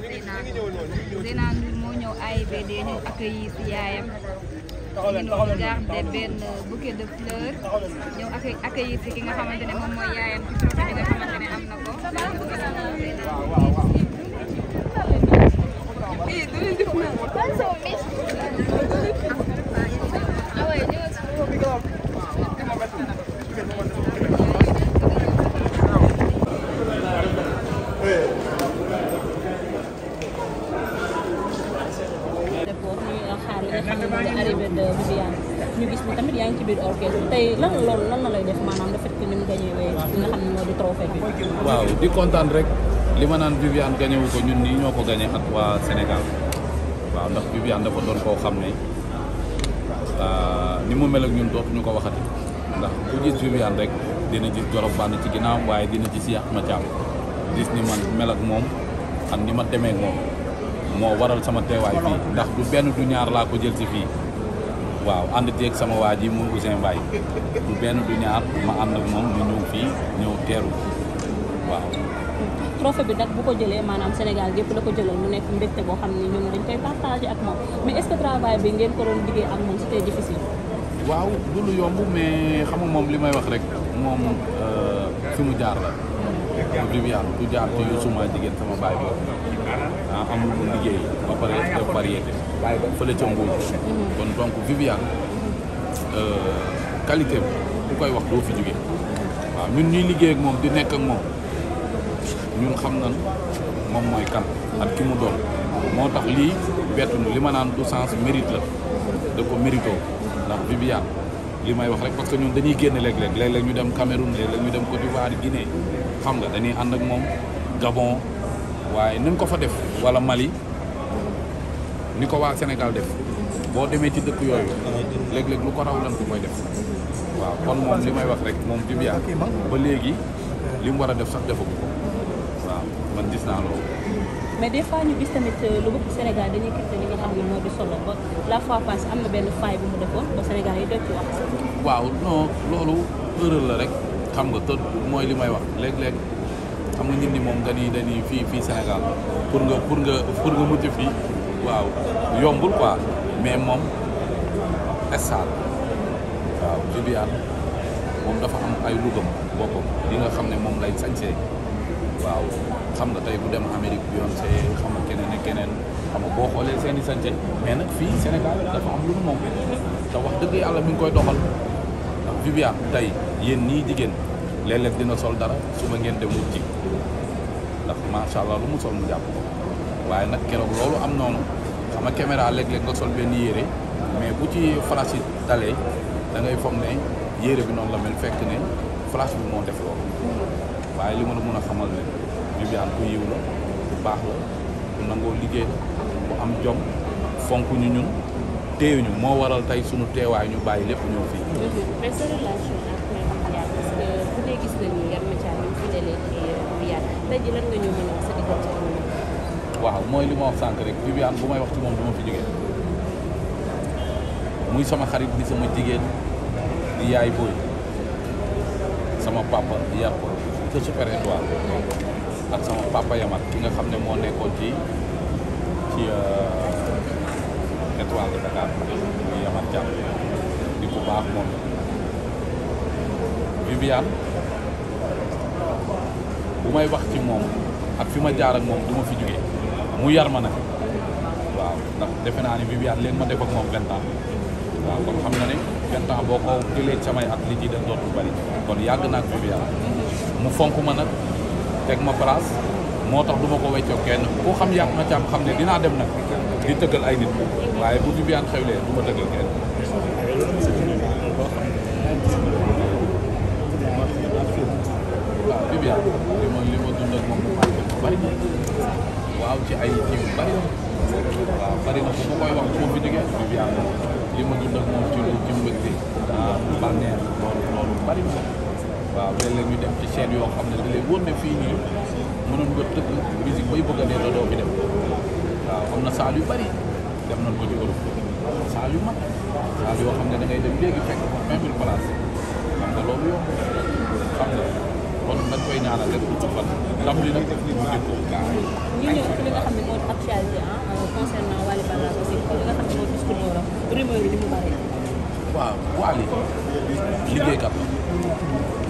Zeyna Ndour moo ñëw AIBD ñëw accueillir si yaayam ñu noonu garder benn bouquet de fleurs ñëw accueillir si ki nga xamante ne moom mooy yaayam ci projet bi nga xamante biir orchestre tey lan la lay def maanaam le fait ni mu gagné waaw di kontaan rek li ma naan Viviane gagné wu ko ñun nii ñoo ko gagné ak waa Sénégal waaw ndax Viviane dafa doon koo xam ne ah, ni mu mel ak ñun dootuñu ko waxati ndax ku gis Viviane rek dina gis Jolof Band ci ginnaaw waaye dina gis Yaxma Thiam gis ni man mel moom ak ni ma demee ak moom moo waral sama teewaay fii ndax du benn du ñaar laa ko jël si fii. waaw ànd teeg sama waa ji mu Ouzin baay du benn du ñaar ah, ma ànd ak moom ñu ñëw fii ñëw teeru waaw. trophée bi nag bu ko jëlee maanaam Sénégal gépp la ko jëlal mu nekk mbégte boo xam ne ñoom dañ koy partagé ak moom mais est ce bi ngeen ko doon liggéey ak moom c'était difficile. waaw du lu yomb mais xam nga moom li may wax rek moom euh, fi mu jaar la. du jaar du suma jigéen sama baay boobu ah amul bu liggéey ba pare def variété fële ca Mbour kon donc Viviane euh, qualité bi ku koy wax doo fi jóge waaw ñun ñuy liggéey ak moom di nekk ak moom ñun xam na moom mooy kan ak ki mu doon moo tax lii bettuñu li ma naan du sens mérite la da ko mérito ndax Viviane li may wax rek parce que ñun dañuy génn léeg-léeg ñu dem Cameroun léeg-léeg ñu dem Côte d'Ivoire Guinée xam nga dañuy ànd ak moom Gabon waaye nañ ko fa def walla Mali ni ko waa Sénégal def boo demee ci dëkk yooyu léeg-léeg lu ko raw lan ko koy def waaw kon moom li may wax rek moom Dibia ba léegi li mu war a def sax defagu ko waaw man gis naa loolu mais des fois ñu gis tamit euh, lu bëgg Sénégal dañuy kii li nga xam ne moo di solo ba la fois passée am na benn faille bu mu defoon ba Sénégal yi doy wax. waaw non loolu erreur la rek xam nga te mooy li may wax léeg-léeg xam nga nit moom dañuy dañuy fii fii Sénégal pour nga pour nga pour nga fii waaw yombul quoi mais moom estal waaw Viviane moom dafa am ay lugam boppam li nga xam ne moom lay sañsee waaw xam nga tey bu dem Amérique Beyoncé xam nga keneen ak keneen xam boo xoolee seeni i sànce mais nag fii Sénégal dafa am lu mu moom te wax dëgg yàlla mi ngi koy doxal ndax Viviane tey yéen nii jigéen dina sol dara suba ngeen dem wut ji ndax macha allah lu mu sol mu jàpp ko waaye nag keroog loolu am noonu xam nga caméra léeg-léeg nga sol benn yére mais bu ci flash yi dalee da ngay foog ne yére bi noonu la mel fekk ne flash bi moo def loolu. waaye li ma la mën a xamal ne Viviane yiw la ku baax la ku nangoo liggéey la am jom fonk ñu ñun téye ñu moo waral tey suñu teewaay ñu bàyyi lépp ñëw fii. wax waaw mooy li ma wax sànq rek Viviane bu may wax ci moom du ma fi jógee muy sama xarit di sama jigéen di yaay booy sama papa yar ko. que Super Étoile ak sama papa Yamath ki nga xam ne moo nekkoon ci ci euh, Étoile Dakar muy Yamath Thiam di ku baax moom Viviane bu may wax ci moom ak fi ma jaar ak moom duma fi jógee mu yar ma nag waaw ndax defe naa ni Viviane leen ma def ak moom vingt waaw kon xam na ne vingt ans boo ko jëlee samay at li ci dem dootul bari kon yàgg naa ak Viviane mu fonk ma nag teg ma place moo tax du ko weccoo kenn ku xam yàgg ma caam xam ne dinaa dem nag di tëggal ay nit waaye bu Viviane xewlee du ma tëggal kenn waaw li ma li ma dund ak moom lu bari waaw ci ay bari waaw bëri na bu ma koy wax bu ma fi jógee Viviane li ma dund ak moom ci lu ci mbëgte ah, bànneex na waaw ñu dem ci yoo xam ne da lay wóor ne fii nii mënoon nga tëgg musique bay bëgg a dee na saal yu bëri dem nañ ko ci Europe saal yu mag saal yoo xam ne da dem léegi fekk ko vingt xam nga loolu yomb xam nga kon dañ koy ñaanal rek pour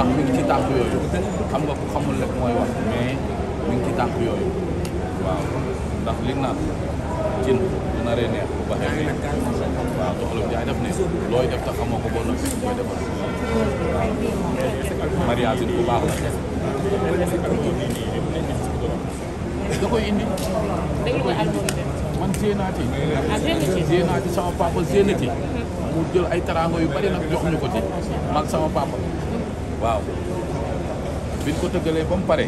ndax mi ngi ci tànk yooyu xam nga ku xamul rek mooy wax mais mi ngi ci tànk yooyu waaw ndax li naan cin bu naree neex bu baaxee neex waaw doxalu jaay def ne looy def te xamoo ko boo noppi koy defal waaw mariage bu baax la da koy indi man séenaati séenaati ah, sama papa séenati mm-hmm. mu jël ay taraango yu bari nag jox ñu ko ci man sama papa waaw biñ ko tëggalee ba mu pare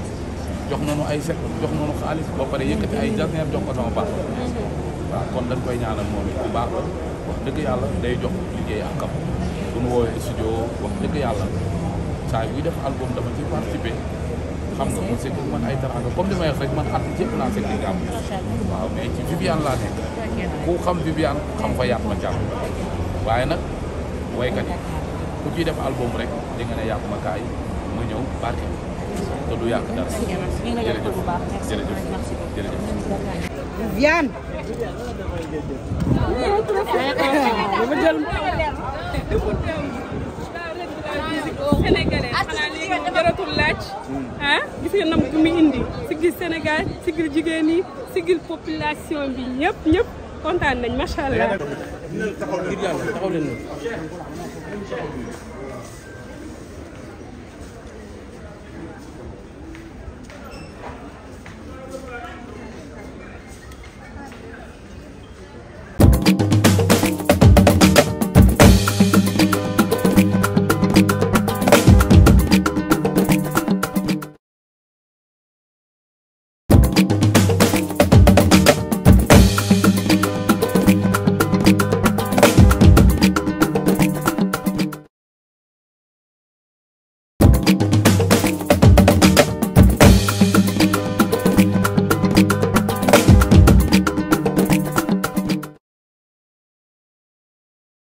jox nañu ay fekk jox nañu xaalis ba pare yëkkati ay jasneer jox ko sama baax waaw kon dañ koy ñaanal moom it bu baax wax dëgg yàlla day jox liggéey ak bu ñu woowee studio wax dëgg yàlla def album dama ci xam nga mu sekk man ay taranga comme li may man at yëpp naa sekk gàmm waaw mais ci Viviane laa nekk ku xam Viviane xam ko yaat ma jàmm waaye nag waykat ku ciy def album rek di nga ne yàqu kaay ma ñëw barke te du yàq dara jërëjëf jërëjëf jaratul laaj ah gis nga nam mu indi sigil Sénégal sigil jigéen yi sigil population bi ñëpp ñëpp kontaan nañ macha allah ngir yàlla taxaw leen